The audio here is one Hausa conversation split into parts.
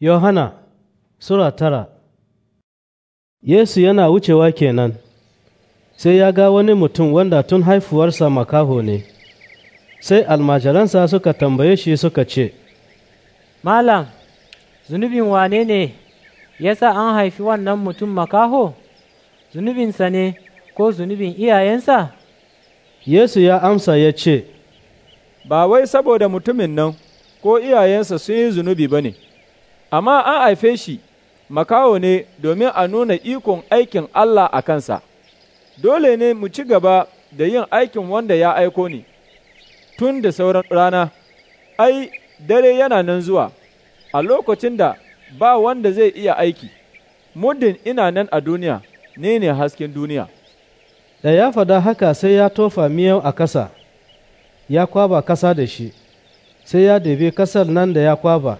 Yohana Sura tara Yesu yana wucewa kenan, sai ya ga wani mutum wanda tun haifuwarsa makaho ne, sai almajiransa suka tambaye shi suka ce, Malam, zunubin wane ne ya sa an haifi wannan mutum makaho? Zunubinsa ne ko zunubin iyayensa? Yesu ya amsa ya ce, Ba wai saboda mutumin nan ko iyayensa sun yi zunubi ba ne. amma an haife shi makaho ne domin a nuna ikon aikin Allah a kansa, dole ne mu ci gaba da yin aikin wanda ya aiko ni, tun da sauran rana, ai, dare yana nan zuwa, a lokacin da ba wanda zai iya aiki, muddin ina nan a duniya, ne ne hasken duniya. Da ya fada haka sai ya tofa miyan a kasa, ya kwaba kasa da shi, sai ya debe kasar nan da ya kwaba.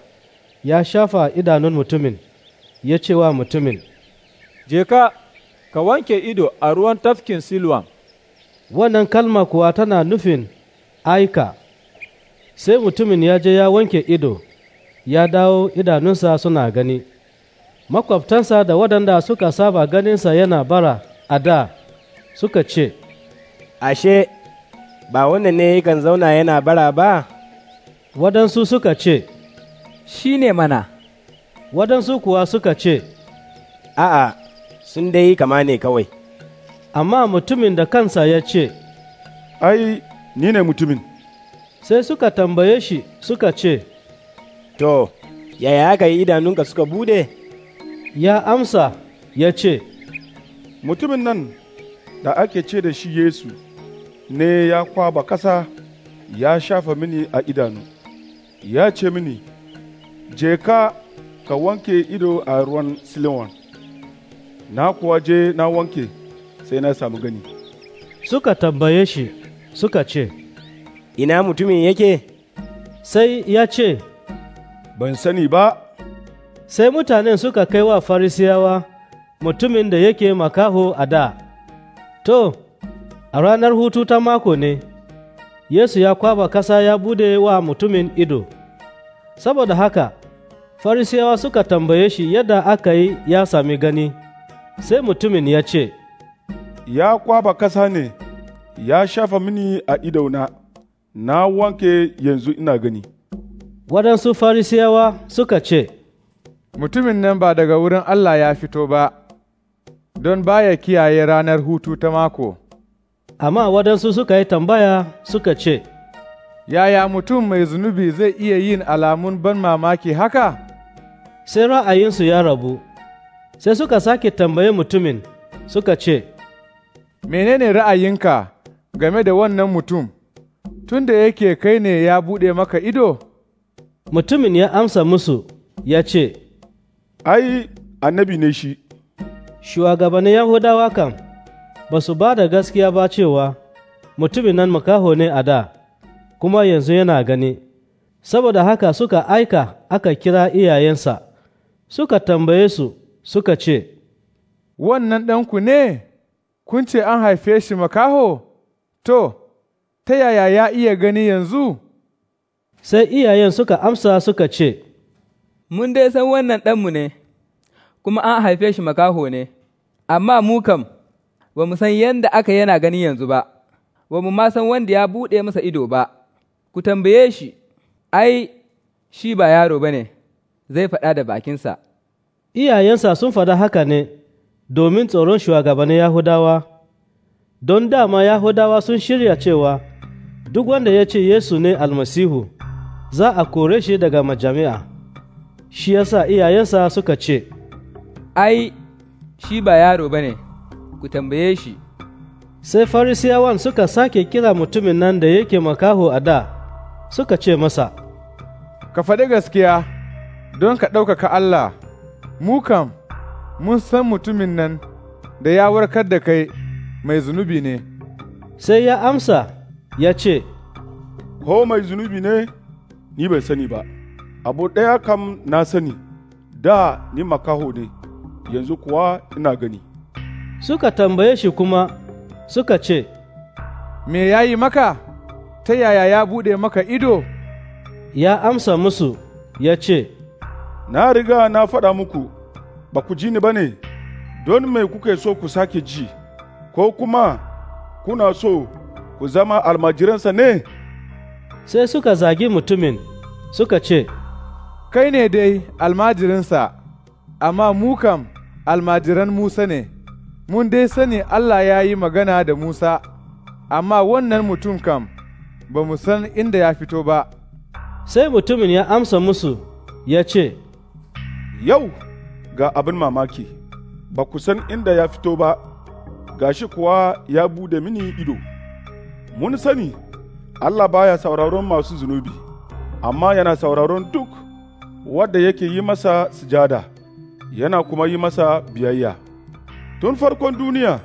ya shafa idanun mutumin ya ce wa mutumin, Je ka, ka wanke ido a ruwan tafkin Silwan. Wannan kalma kuwa tana nufin aika, sai mutumin ya je ya wanke ido, ya dawo idanunsa suna gani. Makwabtansa da waɗanda suka saba ganinsa yana bara a da suka ce, Ashe, ba wannan ne yakan zauna yana bara ba? Wadansu suka ce, shi ne mana. Waɗansu kuwa suka ce, A'a, sun dai kama ne kawai. Amma mutumin da kansa ya ce, Ai, ni ne mutumin. Sai suka tambaye shi suka ce, To, yaya aka yi idanunka suka bude? Ya amsa ya ce, Mutumin nan da ake ce da shi Yesu ne ya kwaba kasa ya shafa mini a idanu, ya ce mini, je ka ka wanke ido a ruwan silewan na kuwa je na wanke sai na samu gani suka tambaye shi suka ce ina mutumin yake sai ya ce ban sani ba sai mutanen suka kai wa farisiyawa mutumin da yake makaho a da to a ranar hutu ta mako ne yesu ya kwaba kasa ya bude wa mutumin ido saboda haka Farisiyawa suka tambaye shi yadda aka yi ya sami gani, sai mutumin ya ce, Ya kwaba kasa ne, ya shafa mini a idona, na wanke yanzu ina gani. Waɗansu Farisiyawa suka ce, Mutumin nan ba daga wurin Allah ya fito ba, don ba ya kiyaye ranar hutu ta mako. Amma wadansu suka yi tambaya suka ce, Yaya mutum mai zunubi zai iya yin alamun ban mamaki haka? sai ra'ayinsu ya rabu, sai suka sake tambaye mutumin suka ce, Menene ra'ayinka game da wannan mutum, tun da yake kai ne ya buɗe maka ido? Mutumin ya amsa musu ya ce, Ai, annabi ne shi. Shugabannin Yahudawa kam, ba su ba da gaskiya ba cewa mutumin nan makaho ne a da, kuma yanzu yana gani, saboda haka suka aika aka kira iyayensa. suka tambaye su suka ce, Wannan ɗanku ne, kun ce an haife shi makaho? To, ta yaya ya iya gani yanzu? Sai iyayen suka amsa suka ce, Mun dai san wannan ɗanmu ne, kuma an haife shi makaho ne, amma mu kam, ba mu san yadda aka yana gani yanzu ba, ba mu ma san wanda ya buɗe masa ido ba, ku tambaye shi, ai, shi ba yaro ba ne. zai faɗa da bakinsa. Iyayensa sun faɗa haka ne domin tsoron shugabannin Yahudawa, don dama Yahudawa sun shirya cewa duk wanda ya ce Yesu ne almasihu za a kore shi daga majami'a. Shi yasa iyayensa suka ce, Ai, shi ba yaro ba ne, ku tambaye shi. Sai Farisiyawan suka sake kira mutumin nan da yake makaho a da, suka ce masa, Ka faɗi gaskiya. don ka ɗaukaka Allah, mu kam mun san mutumin nan da ya warkar da kai mai zunubi ne. Sai ya amsa ya ce, Ho mai zunubi ne, ni bai sani ba, abu ɗaya kam na sani, da ni makaho ne, yanzu kuwa ina gani. Suka tambaye shi kuma suka ce, Me ya yi maka, ta yaya ya buɗe maka ido? Ya amsa musu, ya ce, Na riga na faɗa muku, ba ku ji ni ba ne, don me kuke so ku sake ji, ko kuma kuna so ku zama almajiransa ne? Sai suka zagi mutumin suka ce, Kai ne dai almajirinsa, amma mu kam almajiran Musa ne, mun dai sani Allah ya yi magana da Musa, amma wannan mutum kam ba mu san inda ya fito ba. Sai mutumin ya amsa musu ya ce, Yau ga abin mamaki, ba ku san inda ya fito ba, gashi kuwa ya bude mini ido. Mun sani, Allah baya sauraron masu zunubi, amma yana sauraron duk wadda yake yi masa sujada, yana kuma yi masa biyayya. Tun farkon duniya,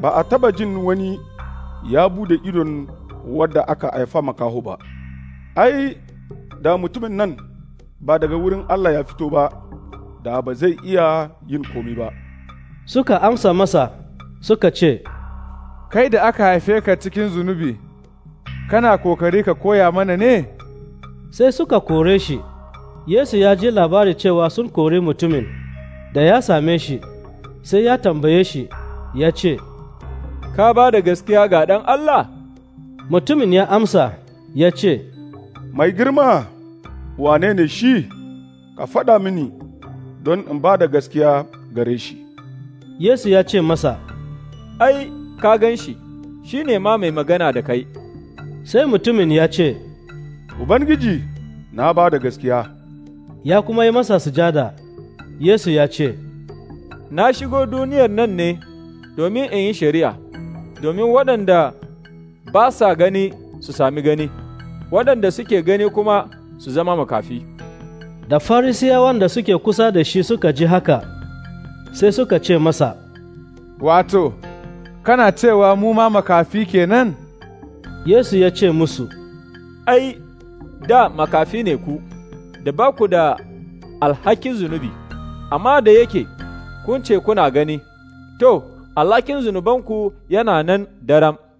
ba a taba jin wani ya bude idon wadda aka haifa makaho ba. Ai, da mutumin nan ba daga wurin Allah ya fito ba, da ba zai iya yin komi ba. Suka amsa masa suka ce, Kai da aka haife ka cikin zunubi, kana kokari ka koya mana ne? Sai suka kore shi, Yesu ya ji labari cewa sun kore mutumin, da ya same shi, sai ya tambaye shi, ya ce, Ka ba da gaskiya ga ɗan Allah? Mutumin ya amsa, ya ce, Mai girma, wane ne shi? Ka faɗa mini. don in ba da gaskiya gare shi. Yesu ya ce masa, Ai, ka gan shi, shi ne ma mai magana da kai. Sai mutumin ya ce, Ubangiji, na ba da gaskiya. Ya kuma yi masa sujada, Yesu ya ce, Na shigo duniyar nan ne domin in yi shari'a, domin waɗanda ba sa gani su sami gani, waɗanda suke gani kuma su zama makafi. Da farisiyawan da suke kusa da shi suka ji haka, sai suka ce masa, Wato, kana cewa mu ma makafi kenan? Yesu ya ce musu, Ai, da makafi ne ku, da ba ku da alhakin zunubi, amma da yake kun ce kuna gani, to, alhakin zunubanku yana nan daram.